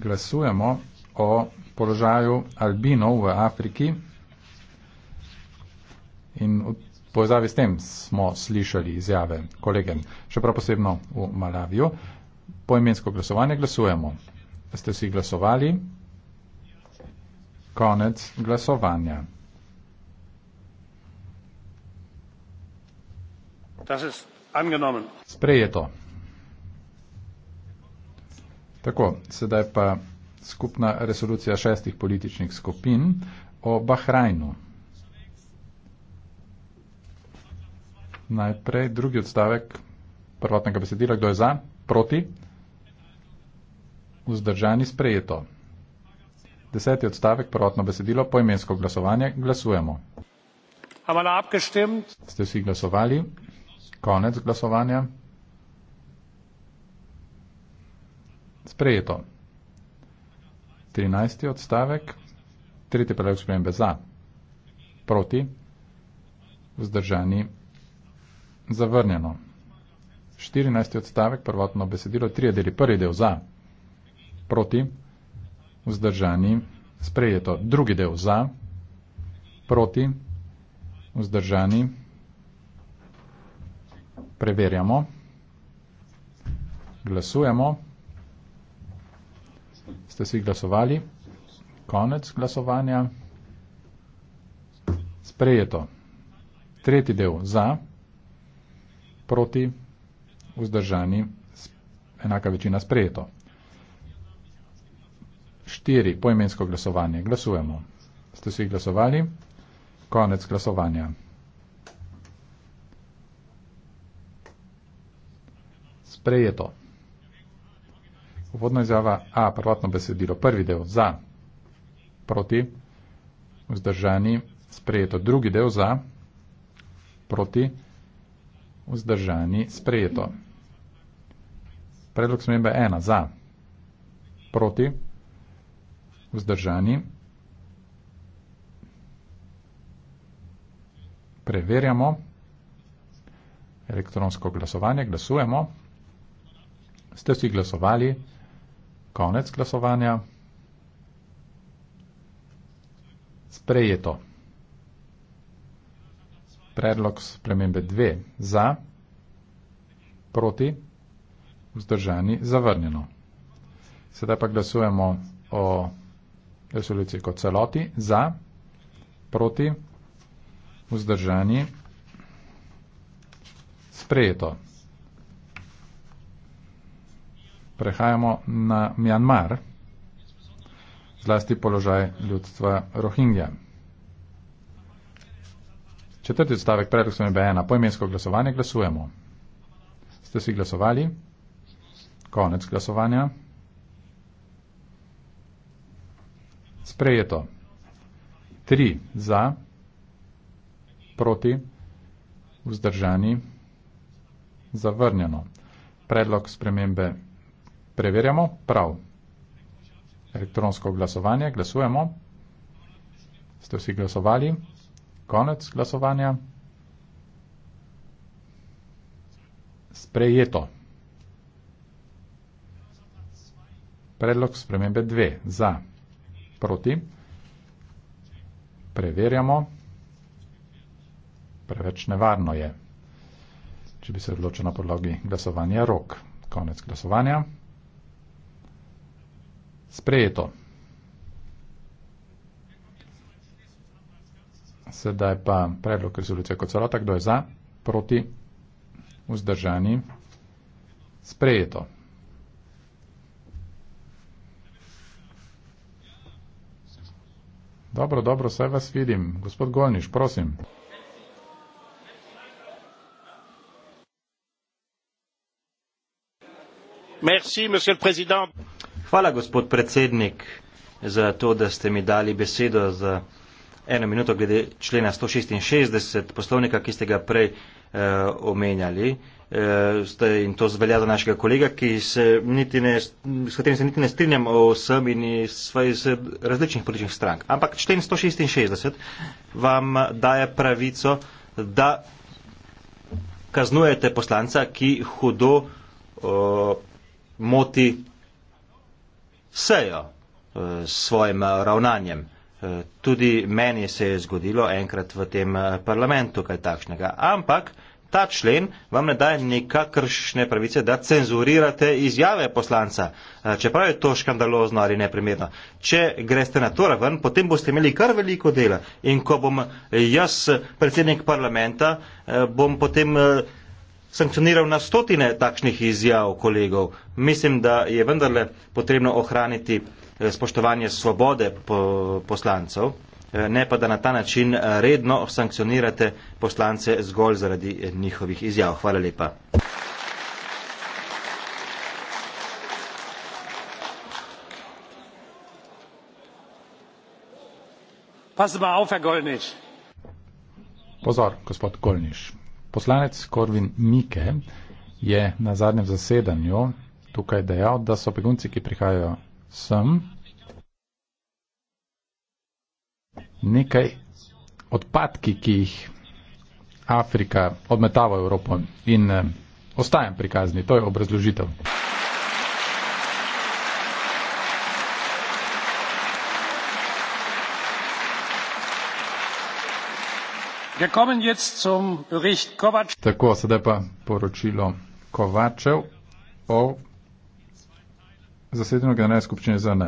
glasujemo o položaju albinov v Afriki in v povezavi s tem smo slišali izjave kolegen, še prav posebno v Malaviju. Poimensko glasovanje glasujemo. Ste si glasovali? Konec glasovanja. Das ist angenommen. Sprejeto. Tako, sedaj pa skupna resolucija šestih političnih skupin o Bahrajnu. Najprej drugi odstavek prvotnega besedila, kdo je za, proti, vzdržani sprejeto. Deseti odstavek, prvotno besedilo, poimensko glasovanje, glasujemo. Ste vsi glasovali? Konec glasovanja. sprejeto. 13. odstavek, tretji predlog spremembe za, proti, vzdržani, zavrnjeno. 14. odstavek, prvotno besedilo, tri deli, prvi del za, proti, vzdržani, sprejeto. Drugi del za, proti, vzdržani, preverjamo, glasujemo. Ste vsi glasovali? Konec glasovanja. Sprejeto. Tretji del za, proti, vzdržani, enaka večina sprejeto. Štiri, poimensko glasovanje. Glasujemo. Ste vsi glasovali? Konec glasovanja. Sprejeto. Uvodna izjava A, prvotno besedilo, prvi del za, proti, vzdržani, sprejeto. Drugi del za, proti, vzdržani, sprejeto. Predlog smembe 1, za, proti, vzdržani, preverjamo elektronsko glasovanje, glasujemo. Ste vsi glasovali? Konec glasovanja. Sprejeto. Predlog spremembe 2. Za, proti, vzdržani, zavrnjeno. Sedaj pa glasujemo o resoluciji kot celoti. Za, proti, vzdržani, sprejeto. prehajamo na Mjanmar, zlasti položaj ljudstva Rohingja. Četrti odstavek, predlog sem imel ena, poimensko glasovanje, glasujemo. Ste si glasovali? Konec glasovanja. Sprejeto. Tri za, proti, vzdržani, zavrnjeno. Predlog spremembe Preverjamo. Prav. Elektronsko glasovanje. Glasujemo. Ste vsi glasovali? Konec glasovanja. Sprejeto. Predlog spremembe 2. Za. Proti. Preverjamo. Preveč nevarno je, če bi se odločil na podlogi glasovanja rok. Konec glasovanja. Sprejeto. Sedaj pa predlog rezolucije kot celota. Kdo je za? Proti? Vzdržani? Sprejeto. Dobro, dobro, vse vas vidim. Gospod Golniš, prosim. Merci, monsieur le président. Hvala, gospod predsednik, za to, da ste mi dali besedo za eno minuto glede člena 166 poslovnika, ki ste ga prej eh, omenjali. Eh, ste, in to zvelja za našega kolega, ne, s katerim se niti ne strinjam o vsem in iz različnih političnih strank. Ampak člen 166 vam daje pravico, da kaznujete poslanca, ki hudo eh, moti sejo eh, s svojim eh, ravnanjem. Eh, tudi meni se je zgodilo enkrat v tem parlamentu kaj takšnega. Ampak ta člen vam ne daje nikakršne pravice, da cenzurirate izjave poslanca. Čeprav je to škandalozno ali neprimerno. Če greste na to raven, potem boste imeli kar veliko dela. In ko bom jaz predsednik parlamenta, bom potem sankcioniral na stotine takšnih izjav kolegov. Mislim, da je vendarle potrebno ohraniti eh, spoštovanje svobode poslancev, eh, ne pa da na ta način eh, redno sankcionirate poslance zgolj zaradi njihovih izjav. Hvala lepa. Pozor, gospod Golniš. Poslanec Korvin Mike je na zadnjem zasedanju tukaj dejal, da so begunci, ki prihajajo sem, nekaj odpadki, ki jih Afrika odmetava v Evropo in eh, ostajam prikazni. To je obrazložitev. Tako, sedaj pa poročilo Kovačev o zasedanju generalne skupščine ZN.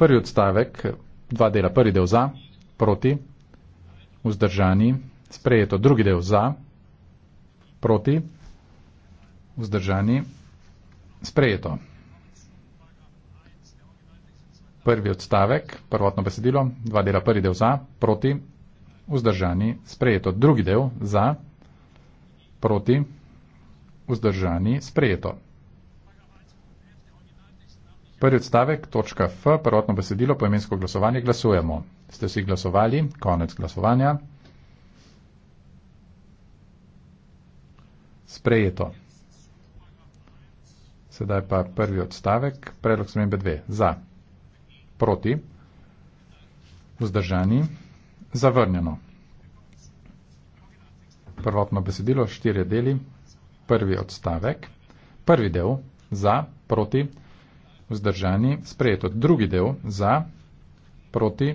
Prvi odstavek, dva dela, prvi del za, proti, vzdržani, sprejeto, drugi del za, proti, vzdržani, sprejeto. Prvi odstavek, prvotno besedilo, dva dela, prvi del za, proti, vzdržani vzdržani, sprejeto. Drugi del za, proti, vzdržani, sprejeto. Prvi odstavek, točka F, prvotno besedilo, poemensko glasovanje, glasujemo. Ste vsi glasovali, konec glasovanja. Sprejeto. Sedaj pa prvi odstavek, predlog smembe 2. Za, proti, vzdržani zavrnjeno. Prvotno besedilo, štirje deli, prvi odstavek, prvi del za, proti, vzdržani, sprejeto, drugi del za, proti,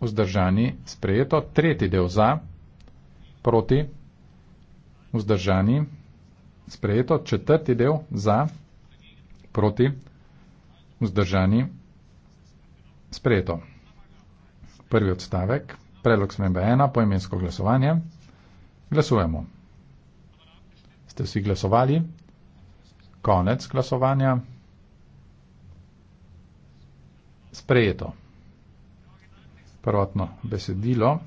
vzdržani, sprejeto, tretji del za, proti, vzdržani, sprejeto, četrti del za, proti, vzdržani, sprejeto prvi odstavek, predlog smembe ena, poimensko glasovanje. Glasujemo. Ste vsi glasovali? Konec glasovanja. Sprejeto. Prvotno besedilo,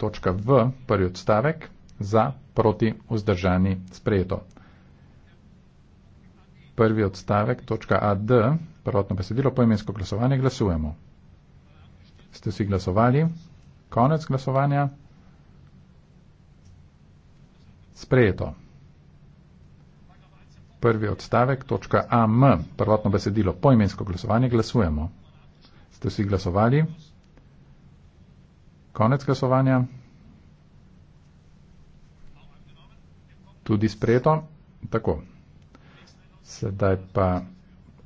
točka v, prvi odstavek, za, proti, vzdržani, sprejeto. Prvi odstavek, točka ad, prvotno besedilo, poimensko glasovanje, glasujemo ste si glasovali. Konec glasovanja. Sprejeto. Prvi odstavek, točka AM, prvotno besedilo, poimensko glasovanje, glasujemo. Ste si glasovali? Konec glasovanja. Tudi sprejeto. Tako. Sedaj pa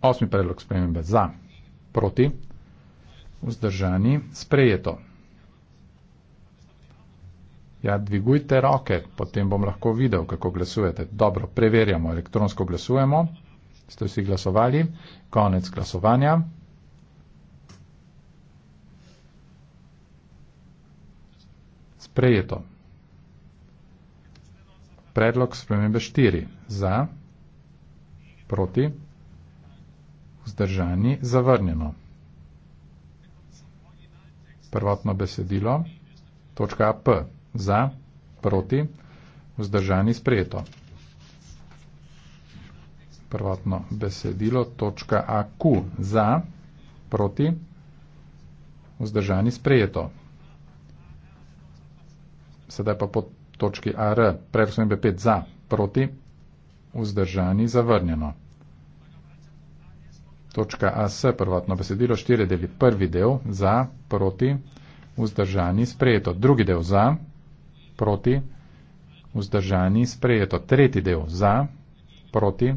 osmi predlog spremembe za, proti vzdržani, sprejeto. Ja, dvigujte roke, potem bom lahko videl, kako glasujete. Dobro, preverjamo, elektronsko glasujemo. Ste vsi glasovali? Konec glasovanja. Sprejeto. Predlog spremembe 4. Za, proti, vzdržani, zavrnjeno prvotno besedilo. Točka AP za, proti, vzdržani sprejeto. Prvotno besedilo. Točka AQ za, proti, vzdržani sprejeto. Sedaj pa po točki AR, prerosnem B5 za, proti, vzdržani zavrnjeno. Točka AS, prvotno besedilo, štiri deli. Prvi del za, proti, vzdržani, sprejeto. Drugi del za, proti, vzdržani, sprejeto. Tretji del za, proti,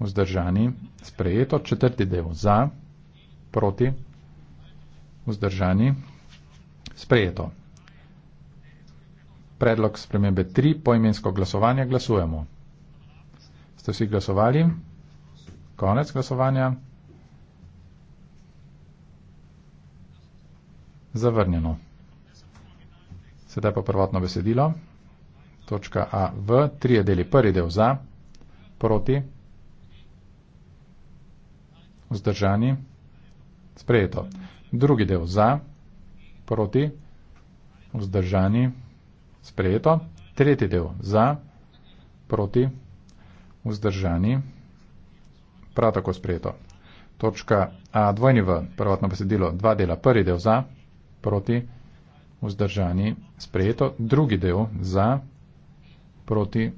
vzdržani, sprejeto. Četrti del za, proti, vzdržani, sprejeto. Predlog spremembe 3, poimensko glasovanje, glasujemo. Ste vsi glasovali? Konec glasovanja. Zavrnjeno. Sedaj pa prvotno besedilo. Točka A v tri je deli prvi del za, proti, vzdržani, sprejeto. Drugi del za, proti, vzdržani, sprejeto. Tretji del za, proti, vzdržani, sprejeto prav tako sprejeto. Točka A dvojni v prvotno besedilo, dva dela, prvi del za, proti, vzdržani, sprejeto, drugi del za, proti,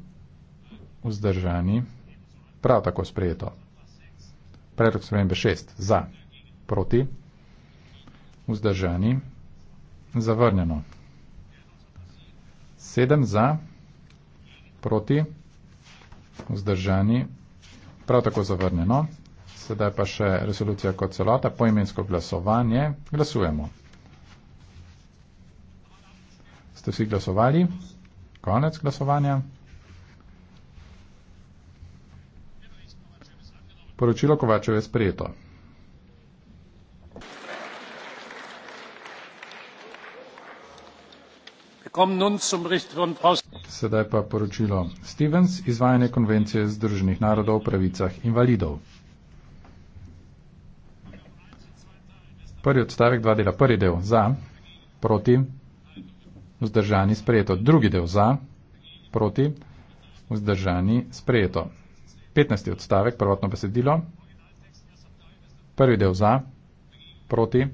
vzdržani, prav tako sprejeto. Predlog spremembe 6. Za. Proti. Vzdržani. Zavrnjeno. 7. Za. Proti. Vzdržani prav tako zavrneno. Sedaj pa še resolucija kot celota, poimensko glasovanje. Glasujemo. Ste vsi glasovali? Konec glasovanja. Poročilo Kovačev je sprejeto. Willkommen nun zum Bericht von Frau Sedaj pa poročilo Stevens, izvajanje konvencije Združenih narodov o pravicah invalidov. Prvi odstavek, dva dela. Prvi del za, proti, vzdržani, sprejeto. Drugi del za, proti, vzdržani, sprejeto. 15. odstavek, prvotno besedilo. Prvi del za, proti,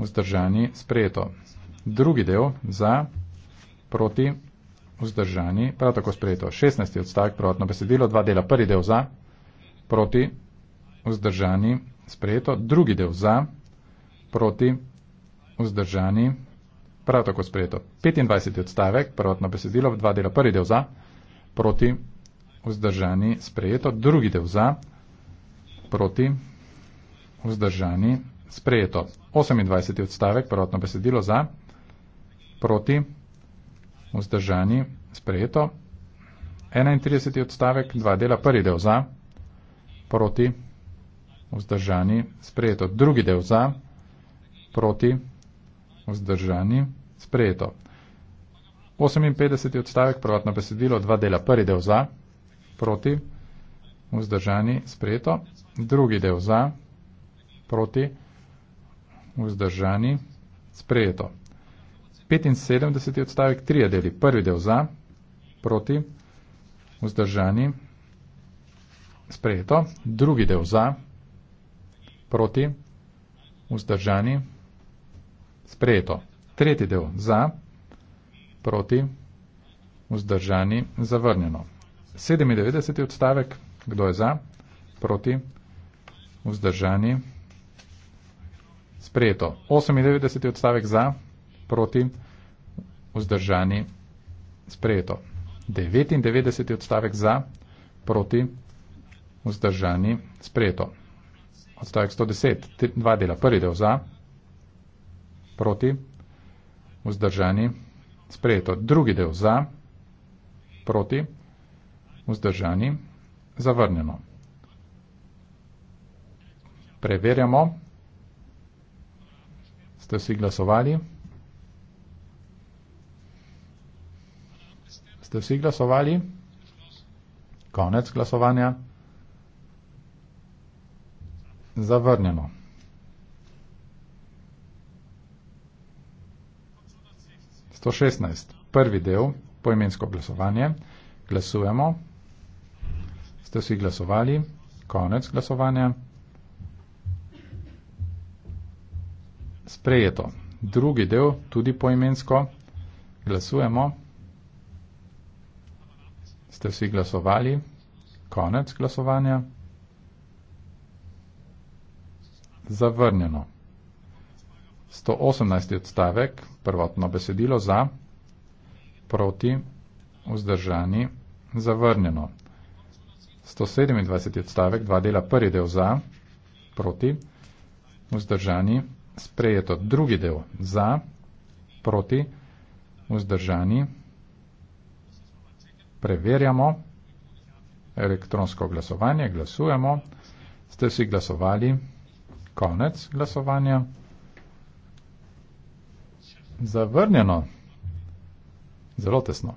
vzdržani, sprejeto. Drugi del za, proti, vzdržani, prav tako sprejeto. 16. odstavek prvotno besedilo, dva dela. Prvi del za, proti, vzdržani, sprejeto. Drugi del za, proti, vzdržani, prav tako sprejeto. 25. odstavek prvotno besedilo, dva dela. Prvi del za, proti, vzdržani, sprejeto. Drugi del za, proti, vzdržani, sprejeto. 28. odstavek prvotno besedilo za, proti, vzdržani, sprejeto vzdržani, sprejeto. 31. odstavek, dva dela, prvi del za, proti, vzdržani, sprejeto. Drugi del za, proti, vzdržani, sprejeto. 58. odstavek, prvotno besedilo, dva dela, prvi del za, proti, vzdržani, sprejeto. Drugi del za, proti, vzdržani, sprejeto. 75. odstavek 3 deli. Prvi del za, proti, vzdržani, sprejeto. Drugi del za, proti, vzdržani, sprejeto. Tretji del za, proti, vzdržani, zavrnjeno. 97. odstavek, kdo je za, proti, vzdržani, sprejeto. 98. odstavek za, proti vzdržani sprejeto. 99 odstavek za proti vzdržani sprejeto. Odstavek 110, dva dela, prvi del za proti vzdržani sprejeto. Drugi del za proti vzdržani zavrnjeno. Preverjamo. Ste vsi glasovali? Ste vsi glasovali? Konec glasovanja. Zavrnjeno. To 16. Prvi del, poimensko glasovanje. Glasujemo. Ste vsi glasovali? Konec glasovanja. Sprejeto. Drugi del, tudi poimensko. Glasujemo. Ste vsi glasovali? Konec glasovanja? Zavrnjeno. 118. odstavek, prvotno besedilo za, proti, vzdržani, zavrnjeno. 127. odstavek, dva dela, prvi del za, proti, vzdržani, sprejeto. Drugi del za, proti, vzdržani, preverjamo elektronsko glasovanje, glasujemo. Ste si glasovali? Konec glasovanja. Zavrnjeno. Zelo tesno.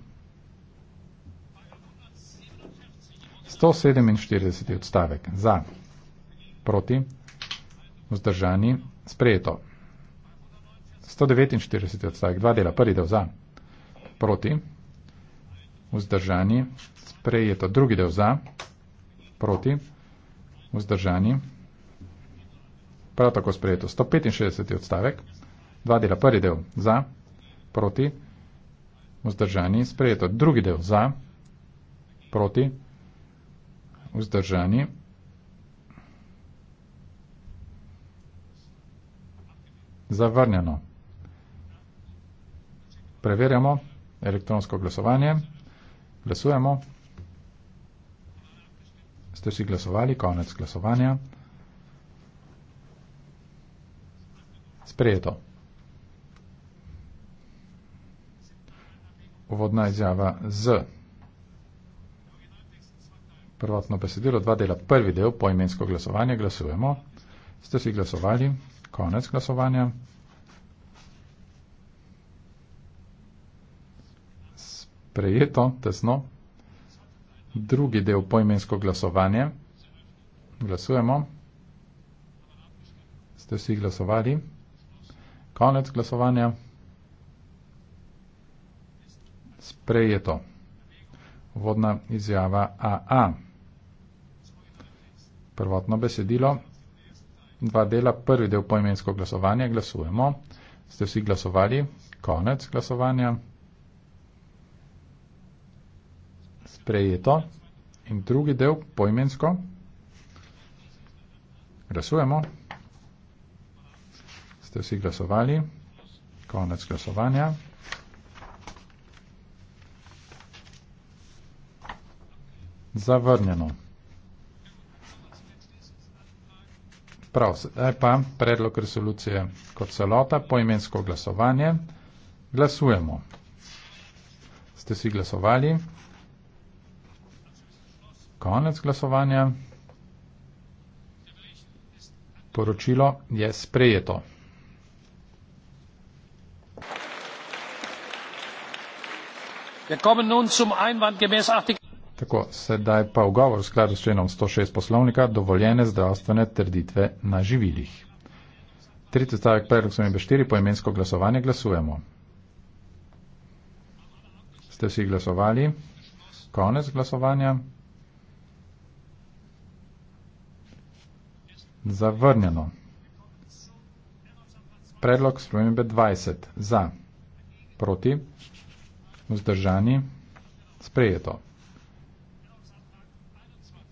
147 odstavek. Za. Proti. Vzdržani. Sprejeto. 149 odstavek. Dva dela. Prvi del za. Proti vzdržani, sprejeto drugi del za, proti, vzdržani, prav tako sprejeto 165. odstavek, dva dela prvi del za, proti, vzdržani, sprejeto drugi del za, proti, vzdržani. Zavrnjeno. Preverjamo elektronsko glasovanje. Glasujemo. Ste vsi glasovali? Konec glasovanja. Sprejeto. Uvodna izjava z. Prvotno besedilo, dva dela, prvi del, poimensko glasovanje, glasujemo. Ste si glasovali? Konec glasovanja. sprejeto, tesno. Drugi del poimensko glasovanje. Glasujemo. Ste vsi glasovali? Konec glasovanja. Sprejeto. Vodna izjava AA. Prvotno besedilo. Dva dela. Prvi del poimensko glasovanje. Glasujemo. Ste vsi glasovali? Konec glasovanja. prejeto in drugi del poimensko. Glasujemo. Ste vsi glasovali? Konec glasovanja. Zavrnjeno. Prav, zdaj pa predlog resolucije kot celota, poimensko glasovanje. Glasujemo. Ste si glasovali? Konec glasovanja. Poročilo je sprejeto. Tako, sedaj pa ugovor v skladu s členom 106 poslovnika dovoljene zdravstvene trditve na živilih. Tretji stavek predlog sem imel štiri, poimensko glasovanje glasujemo. Ste vsi glasovali? Konec glasovanja. Zavrnjeno. Predlog spremembe 20. Za. Proti. Vzdržani. Sprejeto.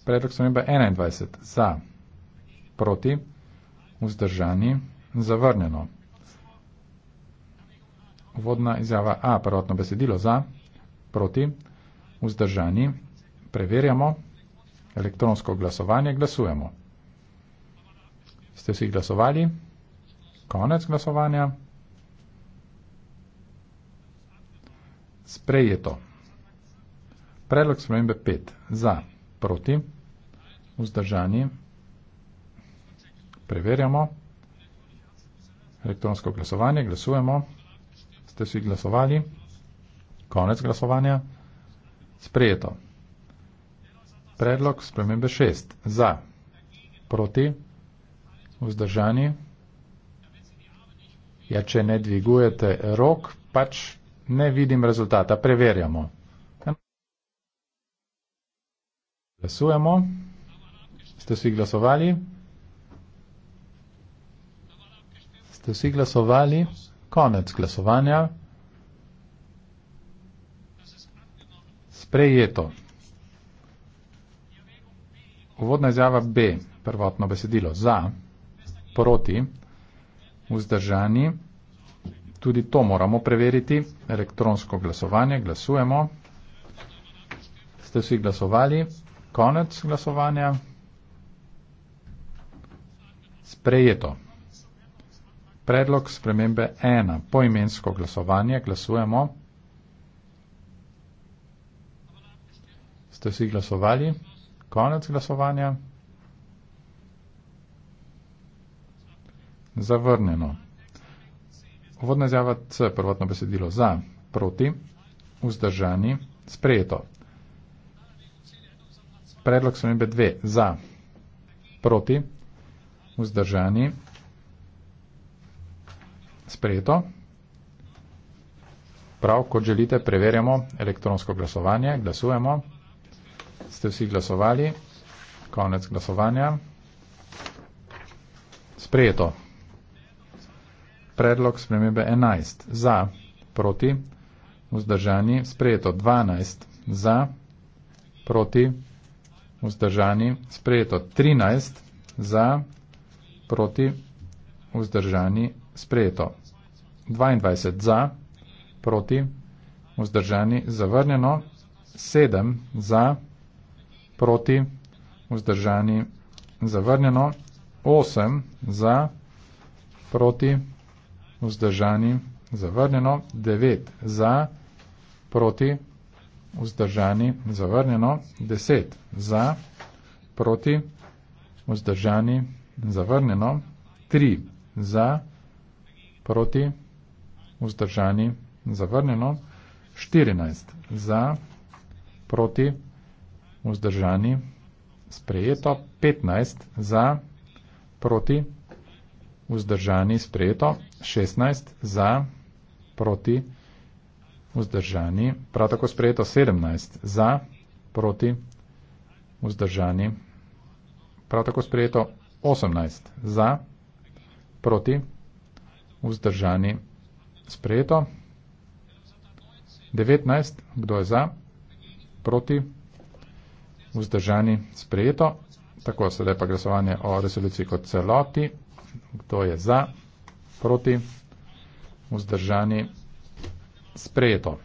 Predlog spremembe 21. Za. Proti. Vzdržani. Zavrnjeno. Uvodna izjava A. Prvotno besedilo za. Proti. Vzdržani. Preverjamo. Elektronsko glasovanje glasujemo. Glasujemo. Ste vsi glasovali? Konec glasovanja. Sprej je to. Predlog spremembe 5. Za, proti, vzdržani. Preverjamo. Elektronsko glasovanje. Glasujemo. Ste vsi glasovali? Konec glasovanja. Sprej je to. Predlog spremembe 6. Za, proti, vzdržani vzdržani. Ja, če ne dvigujete rok, pač ne vidim rezultata. Preverjamo. Glasujemo. Ste vsi glasovali? Ste vsi glasovali? Konec glasovanja. Sprejeto. Uvodna izjava B, prvotno besedilo za proti, vzdržani. Tudi to moramo preveriti. Elektronsko glasovanje, glasujemo. Ste vsi glasovali? Konec glasovanja. Sprejeto. Predlog spremembe 1. Poimensko glasovanje, glasujemo. Ste vsi glasovali? Konec glasovanja. zavrnjeno. Uvodna izjava C, prvotno besedilo za, proti, vzdržani, sprejeto. Predlog spremembe 2, za, proti, vzdržani, sprejeto. Prav, kot želite, preverjamo elektronsko glasovanje, glasujemo. Ste vsi glasovali? Konec glasovanja. Sprejeto predlog spremembe 11. Za, proti, vzdržani, sprejeto 12. Za, proti, vzdržani, sprejeto 13. Za, proti, vzdržani, sprejeto 22. Za, proti, vzdržani, zavrnjeno 7. Za, proti, vzdržani, zavrnjeno 8. Za, proti, vzdržani, zavrnjeno 8 vzdržani, zavrnjeno, 9 za, proti, vzdržani, zavrnjeno, 10 za, proti, vzdržani, zavrnjeno, 3 za, proti, vzdržani, zavrnjeno, 14 za, proti, vzdržani, sprejeto, 15 za, proti, vzdržani, vzdržani, sprejeto, 16 za, proti, vzdržani, prav tako sprejeto 17 za, proti, vzdržani, prav tako sprejeto 18 za, proti, vzdržani, sprejeto 19, kdo je za, proti, vzdržani, sprejeto. Tako, sedaj pa glasovanje o resoluciji kot celoti. Kdo je za, proti, vzdržani, sprejeto.